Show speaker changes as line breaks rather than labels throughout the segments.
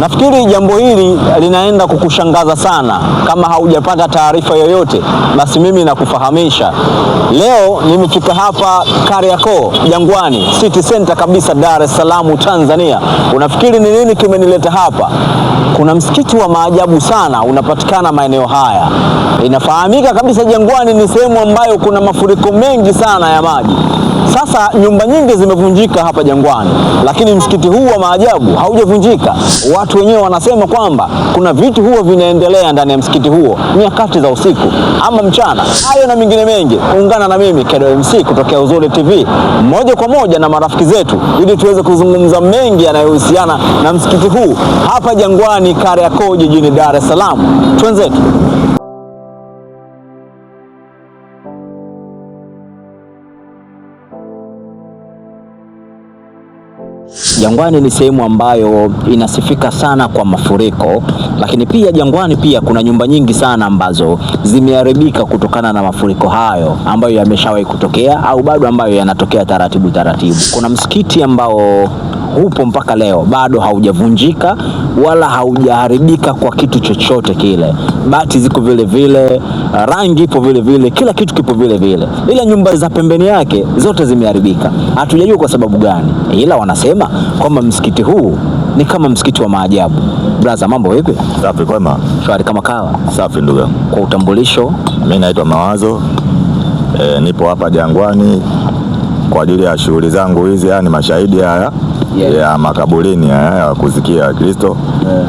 Nafikiri jambo hili linaenda kukushangaza sana kama haujapata taarifa yoyote, basi mimi nakufahamisha. Leo nimefika hapa Kariakoo Jangwani, city center kabisa, Dar es Salaam, Tanzania. Unafikiri ni nini kimenileta hapa? Kuna msikiti wa maajabu sana unapatikana maeneo haya. Inafahamika kabisa Jangwani ni sehemu ambayo kuna mafuriko mengi sana ya maji. Sasa nyumba nyingi zimevunjika hapa Jangwani, lakini msikiti huu wa maajabu haujavunjika watu wenyewe wanasema kwamba kuna vitu huo vinaendelea ndani ya msikiti huo nyakati za usiku ama mchana. Hayo na mengine mengi, ungana na mimi Kedo MC kutokea Uzuri TV moja kwa moja na marafiki zetu, ili tuweze kuzungumza mengi yanayohusiana na msikiti huu hapa Jangwani Kariakoo, jijini Dar es Salaam. Twenzetu. Jangwani ni sehemu ambayo inasifika sana kwa mafuriko, lakini pia Jangwani pia kuna nyumba nyingi sana ambazo zimeharibika kutokana na mafuriko hayo ambayo yameshawahi kutokea au bado ambayo yanatokea taratibu taratibu. Kuna msikiti ambao upo mpaka leo, bado haujavunjika wala haujaharibika kwa kitu chochote kile. Bati ziko vile vile, rangi ipo vile vile, kila kitu kipo vile vile, ila nyumba za pembeni yake zote zimeharibika. Hatujajua kwa sababu gani, ila wanasema kwamba msikiti huu ni kama msikiti wa maajabu. Brother, mambo vipi? Safi, kwema. Shwari kama kawa. Safi ndugu. Kwa utambulisho,
mimi naitwa Mawazo. E, nipo hapa Jangwani kwa ajili ya shughuli zangu hizi, yani mashahidi haya yeah. ya makaburini eh, ya kuzikia kristo yeah.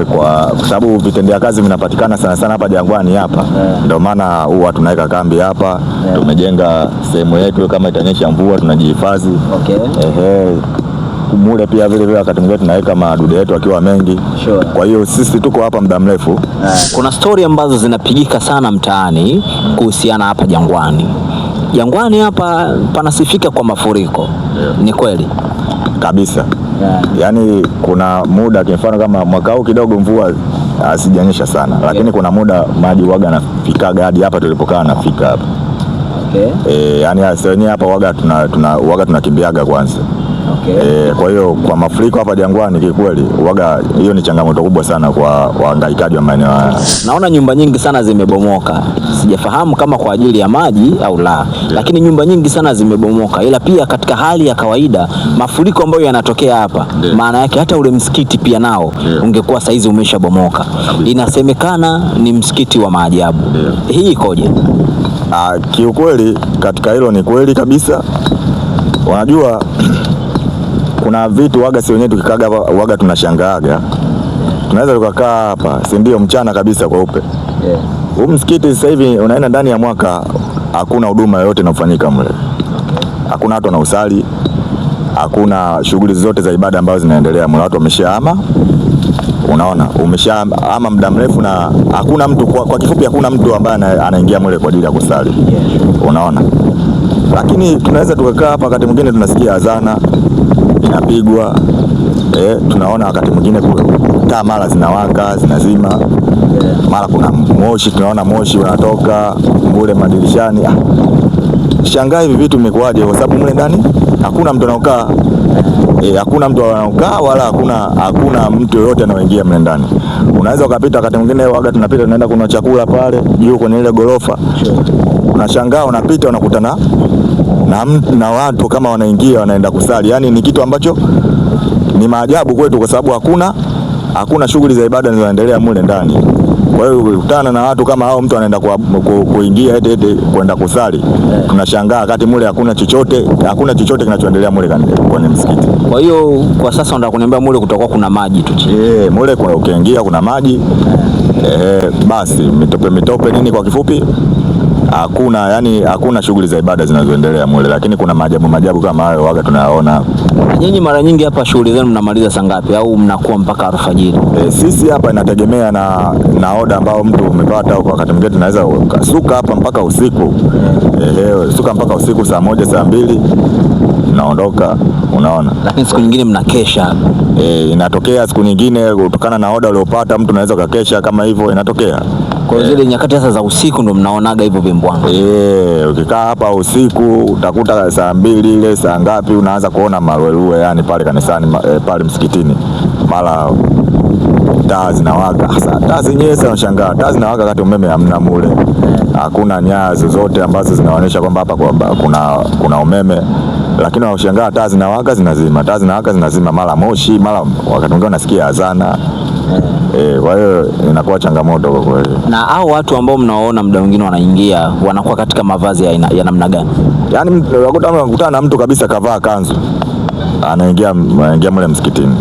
eh, kwa sababu vitendea kazi vinapatikana sana sana hapa jangwani hapa yeah. Ndio maana huwa tunaweka kambi hapa yeah. Tumejenga sehemu yetu, kama itanyesha mvua tunajihifadhi okay. mule pia vile vile wakati mwingine tunaweka madude yetu akiwa mengi sure. Kwa hiyo sisi tuko hapa muda mrefu.
Kuna stori ambazo zinapigika sana mtaani kuhusiana hapa jangwani Jangwani hapa panasifika kwa mafuriko yeah. Ni kweli
kabisa yeah. Yaani kuna muda kwa mfano kama mwaka huu kidogo mvua asijanyesha ah, sana lakini Kuna muda maji waga anafikaga hadi hapa tulipokaa nafika hapa okay. E, yaani wenyewe hapa waga tunakimbiaga tuna, tunakimbiaga kwanza okay. E, kwa hiyo kwa mafuriko hapa Jangwani kikweli waga hiyo ni changamoto kubwa sana kwa wahangaikaji wa maeneo haya.
Naona nyumba nyingi sana zimebomoka, sijafahamu kama kwa ajili ya maji au la, yeah. Lakini nyumba nyingi sana zimebomoka, ila pia katika hali ya kawaida mafuriko ambayo yanatokea hapa, yeah. Maana yake hata ule msikiti pia nao, yeah. ungekuwa saizi umeshabomoka. Inasemekana ni msikiti wa maajabu, yeah. Hii ikoje?
Ah, kiukweli katika hilo ni kweli kabisa, wanajua kuna vitu waga, si wenyewe tukikaga waga tunashangaaga, tunaweza tukakaa hapa, si ndio? Mchana kabisa kweupe yeah. Huu msikiti sasa hivi unaenda ndani ya mwaka, hakuna huduma yoyote inafanyika mle, hakuna watu wanausali, hakuna shughuli zote za ibada ambazo zinaendelea mle, watu wameshaama Unaona, umeshaama muda mrefu na hakuna mtu kwa, kwa kifupi hakuna mtu ambaye anaingia mule kwa ajili ya kusali, unaona. Lakini tunaweza tukakaa hapa, wakati mwingine tunasikia azana inapigwa eh, tunaona wakati mwingine taa mara zinawaka zinazima, mara kuna moshi, tunaona moshi unatoka mbule madirishani. Ah, shangaa hivi vitu vimekuwaje? Kwa sababu mle ndani hakuna mtu anaokaa E, hakuna mtu anaokaa wala hakuna hakuna mtu yoyote anaoingia mle ndani. Unaweza ukapita wakati mwingine waga tunapita tunaenda kuna chakula pale juu kwenye ile gorofa. Unashangaa unapita unakutana na, na watu kama wanaingia wanaenda kusali, yaani ni kitu ambacho ni maajabu kwetu, kwa sababu hakuna hakuna shughuli za ibada zinazoendelea mule ndani. Kwa hiyo ukutana na watu kama hao, mtu anaenda kuingia ku eti kwenda kusali, tunashangaa wakati mule hakuna chochote, hakuna chochote kinachoendelea mule kwenye msikiti.
Kwa hiyo kwa sasa unataka kuniambia mule kutakuwa kuna maji tu chini?
Eh, mule ukiingia kuna maji eh. eh, basi mitope mitope nini, kwa kifupi hakuna yani, hakuna shughuli za ibada zinazoendelea mule, lakini kuna maajabu maajabu kama hayo waga tunayaona.
Nyinyi mara nyingi hapa shughuli zenu mnamaliza saa ngapi au mnakuwa mpaka alfajiri?
E, sisi hapa inategemea na, na oda ambao mtu umepata huko. Wakati mwingine tunaweza suka hapa mpaka usiku e, suka mpaka usiku saa moja saa mbili naondoka unaona,
lakini siku nyingine mnakesha.
E, inatokea siku nyingine kutokana na oda uliopata, mtu anaweza ukakesha kama hivyo, inatokea.
Kwa hiyo eh. zile nyakati sasa za usiku ndo mnaonaga hivyo vimbwanga.
Eh, ukikaa hapa usiku utakuta saa mbili ile saa ngapi unaanza kuona maruerue yani pale kanisani eh, pale msikitini mara taa zinawaka. Sasa taa zenyewe sasa unashangaa taa zinawaka wakati umeme hamna mule, hakuna nyaya zozote ambazo zinaonyesha kwamba hapa kuna, kuna umeme lakini unashangaa taa zinawaka zinazima, taa zinawaka zinazima, mara moshi, mara wakati mwingine unasikia azana Eh, kwa hiyo inakuwa changamoto kwa kweli.
Na hao watu ambao mnaona muda mwingine wanaingia wanakuwa katika mavazi ya, ina, ya namna gani?
Yaani unakutana na mtu kabisa kavaa kanzu anaingia anaingia mle msikitini.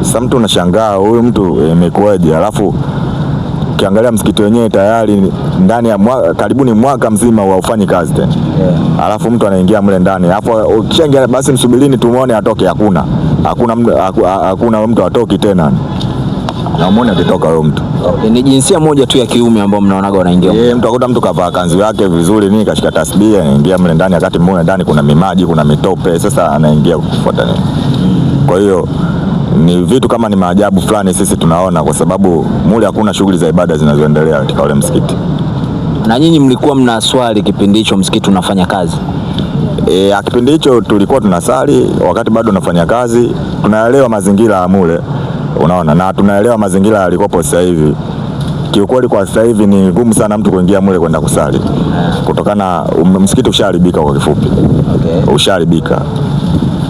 Sasa mtu unashangaa huyu mtu eh, imekuwaje? alafu ukiangalia msikiti wenyewe tayari ndani ya mwaka, karibuni mwaka mzima haufanyi kazi tena yeah. Alafu mtu anaingia mle ndani, alafu ukishaingia basi msubirini tumuone atoke. Hakuna hakuna hakuna mtu atoki tena na umuone akitoka huyo mtu.
Ni jinsia moja tu ya kiume ambao mnaonaga wanaingia.
Eh, mtu akuta mtu kavaa kanzu yake vizuri nini kashika tasbih anaingia mle ndani, wakati mbona ndani kuna mimaji kuna mitope, sasa anaingia kufuata nini? Kwa hiyo ni vitu kama ni maajabu fulani sisi tunaona, kwa sababu mule hakuna shughuli za ibada zinazoendelea katika ule msikiti.
Na nyinyi mlikuwa mna swali kipindi hicho msikiti unafanya kazi?
E, kipindi hicho tulikuwa tunasali wakati bado unafanya kazi, tunaelewa mazingira ya mule unaona, na tunaelewa mazingira yalikopo sasa hivi. Kiukweli kwa sasa hivi ni ngumu sana mtu kuingia mule kwenda kusali kutokana um, msikiti ushaharibika kwa kifupi, okay. Ushaharibika,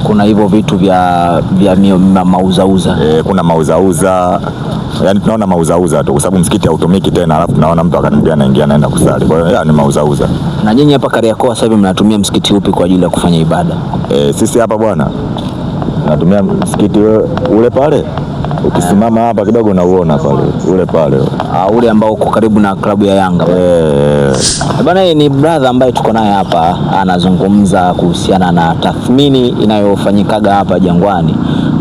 kuna hivyo vitu vya, vya mauzauza
e, kuna mauzauza yani tunaona mauzauza tu kwa sababu msikiti hautumiki tena, alafu tunaona mtu akanambia anaingia anaenda kusali. Kwa hiyo ni mauzauza.
Na nyinyi hapa Kariakoo sasa hivi mnatumia msikiti upi kwa ajili ya kufanya ibada?
E, sisi hapa bwana natumia msikiti ule pale ukisimama hapa kidogo unauona pale ule pale
ah, ule ambao uko karibu na klabu ya Yanga
eh.
eh Bana, ni brother ambaye tuko naye hapa anazungumza kuhusiana na tathmini inayofanyikaga hapa Jangwani.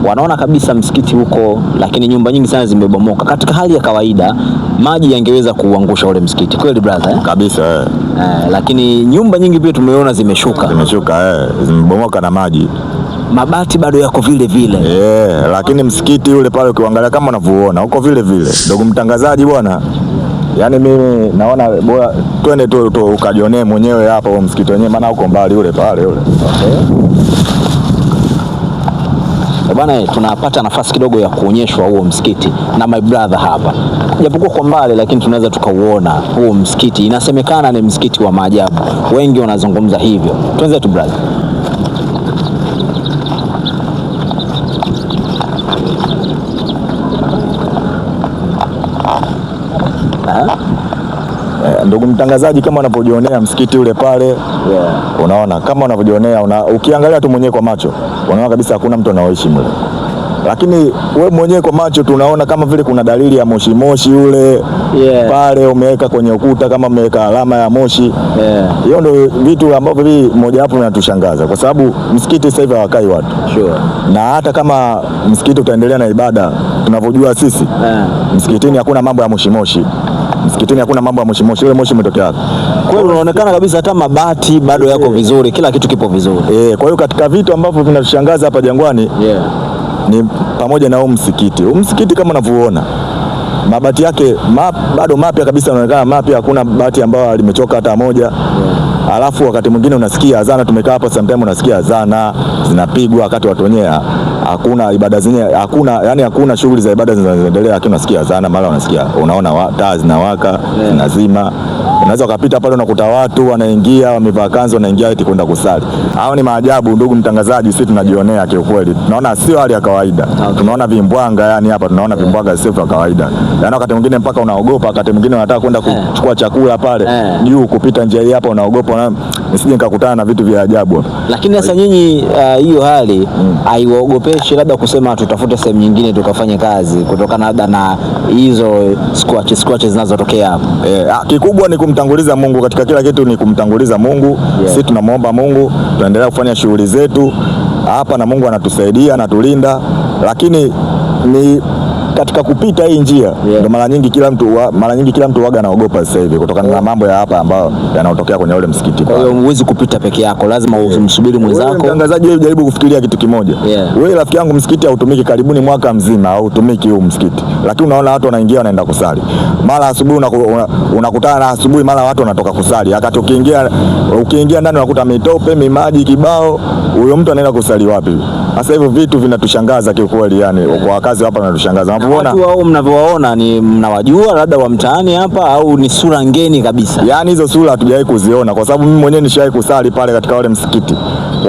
Wanaona kabisa msikiti huko, lakini nyumba nyingi sana zimebomoka. Katika hali ya kawaida maji yangeweza kuuangusha ule msikiti kweli brother eh?
Kabisa eh.
Eh, lakini nyumba nyingi pia tumeona zimeshuka
zimeshuka eh, zimebomoka na maji
mabati bado yako vile vile.
Yeah, lakini msikiti ule pale ukiangalia kama unavyoona uko vile vile. Ndugu mtangazaji bwana, yani mimi naona bora twende tu, tu ukajionee mwenyewe hapa huo msikiti wenyewe, maana uko mbali ule pale ule. Okay.
Bwana, tunapata nafasi kidogo ya kuonyeshwa huo msikiti na my brother hapa japokuwa kwa mbali lakini tunaweza tukauona huo msikiti. Inasemekana ni msikiti wa maajabu, wengi wanazungumza hivyo. Twende tu brother.
Eh, ndugu mtangazaji, kama unapojionea msikiti ule pale yeah. Unaona kama unapojionea una, ukiangalia tu mwenyewe kwa macho unaona kabisa hakuna mtu anaoishi mle, lakini we mwenyewe kwa macho tunaona kama vile kuna dalili ya moshi moshi ule yeah. Pale umeweka kwenye ukuta kama umeweka alama ya moshi hiyo yeah. Ndio vitu ambavyo vile moja wapo vinatushangaza kwa sababu msikiti sasa hivi hawakai watu sure. Na hata kama msikiti utaendelea na ibada tunavyojua sisi yeah. Msikitini hakuna mambo ya moshi moshi msikitini hakuna mambo ya moshi moshi, ule moshi umetokea wapi?
Kwa hiyo unaonekana kabisa hata mabati bado yako vizuri, kila kitu kipo vizuri.
Eh, kwa hiyo katika vitu ambavyo vinatushangaza hapa Jangwani yeah. ni pamoja na huu msikiti. Huu msikiti kama unavyoona mabati yake map, bado mapya kabisa, unaonekana mapya, hakuna bati ambayo limechoka hata moja yeah. Alafu wakati mwingine unasikia azana, tumekaa hapa sometime unasikia azana zinapigwa wakati watu wenyewe hakuna ibada zingine, hakuna yani, hakuna shughuli za ibada zinazoendelea, lakini unasikia zana, mara unasikia unaona taa zinawaka, zinazima Unaweza ukapita pale unakuta watu wanaingia wamevaa kanzu wanaingia eti kwenda kusali. Hao ni maajabu, ndugu mtangazaji, sisi tunajionea kiukweli. Tunaona sio hali ya kawaida. Tunaona vimbwanga yani hapa tunaona vimbwanga sio vya kawaida. Yaani wakati mwingine mpaka unaogopa, wakati mwingine unataka kwenda eh. kuchukua chakula pale eh. juu kupita njia hii hapa unaogopa na nisije nikakutana na vitu vya ajabu.
Lakini sasa nyinyi uh, hiyo uh, hali hmm. haiwaogopeshi mm, labda kusema tutafute sehemu nyingine tukafanye kazi kutokana labda na hizo squash squash zinazotokea hapa
Eh, ah, kikubwa ni kumtanguliza Mungu katika kila kitu ni kumtanguliza Mungu yeah. Sisi tunamwomba Mungu, tunaendelea kufanya shughuli zetu hapa na Mungu anatusaidia, anatulinda, lakini ni katika kupita hii njia yeah. Ndo mara nyingi kila mtu wa, mara nyingi kila mtu waga anaogopa sasa hivi kutokana na mambo ya hapa ambayo yanayotokea kwenye ule msikiti.
Kwa hiyo huwezi kupita peke yako, lazima umsubiri mwenzako.
Mtangazaji, wewe jaribu kufikiria kitu kimoja yeah. Wewe rafiki yangu, msikiti hautumiki karibuni mwaka mzima, hautumiki huu msikiti, lakini unaona watu wanaingia wanaenda kusali, mara asubuhi unakutana una na asubuhi, mara watu wanatoka kusali, wakati ukiingia ukiingia ndani unakuta mitope, mimaji kibao, huyo mtu anaenda kusali wapi? Sasa hivyo vitu vinatushangaza kiukweli, yani kwa wakazi hapa vinatushangaza.
Unapoona watu wao mnavyowaona ni mnawajua labda wa mtaani hapa au ni sura ngeni kabisa?
Yani hizo sura hatujawahi kuziona, kwa sababu mimi mwenyewe nishawahi kusali pale katika wale msikiti,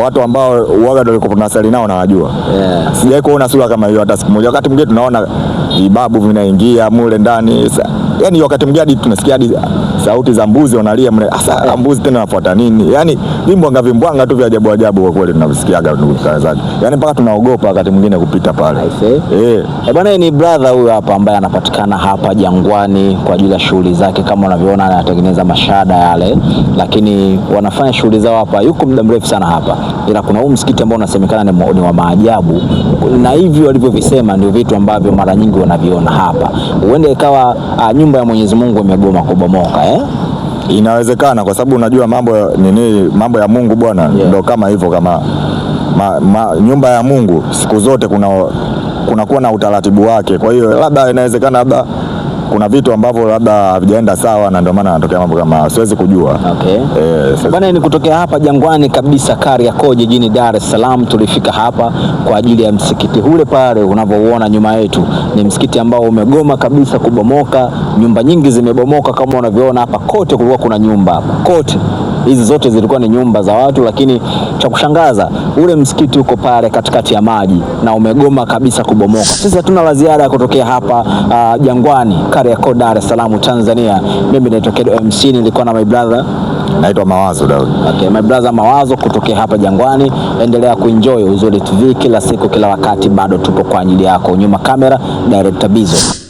watu ambao waga ndio walikuwa tunasali nao nawajua, yeah. Sijawahi kuona sura kama hiyo hata siku moja. Wakati mwingine tunaona vibabu vinaingia mule ndani, Yaani wakati mwingine tunasikia hadi sauti za mbuzi wanalia mle. Asa eh. mbuzi tena nafuata nini? Yani vimbwanga vimbwanga tu vya ajabu ajabu kwa kweli tunavisikiaga ndugu zangu. Yani yaani, mpaka tunaogopa wakati mwingine kupita pale.
Eh. E bwana, ni brother huyu hapa ambaye anapatikana hapa Jangwani kwa ajili ya shughuli zake, kama unavyoona anatengeneza mashada yale, lakini wanafanya shughuli zao hapa, yuko muda mrefu sana hapa, ila kuna huu msikiti ambao unasemekana ni wa maajabu, na hivi walivyovisema ndio vitu ambavyo mara nyingi wanaviona hapa. Huenda ikawa ah, nyumba ya Mwenyezi Mungu imegoma kubomoka eh?
eh? Inawezekana kwa sababu unajua mambo nini, mambo ya Mungu bwana, yeah. Ndo kama hivyo kama ma, ma, nyumba ya Mungu siku zote kuna kunakuwa na utaratibu wake, kwa hiyo labda inawezekana labda kuna vitu ambavyo labda havijaenda sawa na ndio maana anatokea mambo kama, siwezi kujua.
Okay. E, bana ni kutokea hapa Jangwani kabisa Kariakoo, jijini Dar es Salaam. Tulifika hapa kwa ajili ya msikiti ule pale unavyouona nyuma yetu, ni msikiti ambao umegoma kabisa kubomoka, nyumba nyingi zimebomoka kama unavyoona hapa kote, kulikuwa kuna nyumba kote hizi zote zilikuwa ni nyumba za watu, lakini cha kushangaza ule msikiti uko pale katikati ya maji na umegoma kabisa kubomoka. Sisi hatuna la ziada ya kutokea hapa uh, Jangwani, Kariakoo, Dar es Salaam, Tanzania. Mimi naitwa MC, nilikuwa na my brother
naitwa Mawazo Daudi.
Okay, my brother Mawazo kutokea hapa Jangwani. Endelea kuenjoy Uzuri TV kila siku, kila wakati, bado tupo kwa ajili yako. Nyuma kamera director Bizo.